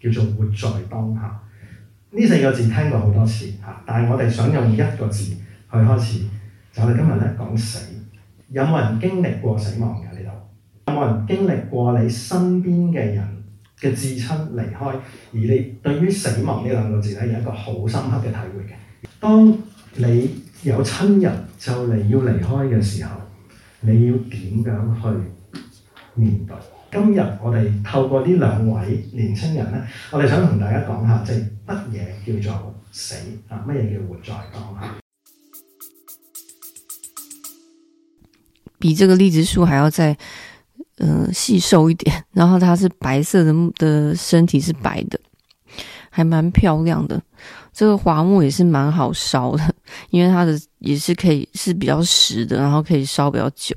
叫做活在當下，呢四個字聽過好多次，但係，我哋想用一個字去開始，就我哋今日咧講死，有冇有人經歷過死亡嘅呢度？有冇有人經歷過你身邊嘅人嘅至親離開？而你對於死亡呢兩個字咧有一個好深刻嘅體會嘅。當你有親人就嚟要離開嘅時候，你要點樣去面對？今日我哋透過呢兩位年輕人呢，我哋想同大家講下，即係乜嘢叫做死啊？乜嘢叫活在當下？比這個栗子樹還要再嗯細、呃、瘦一點，然後它是白色的，的身體是白的，還蠻漂亮的。這個樺木也是蠻好燒的，因為它的也是可以是比較實的，然後可以燒比較久。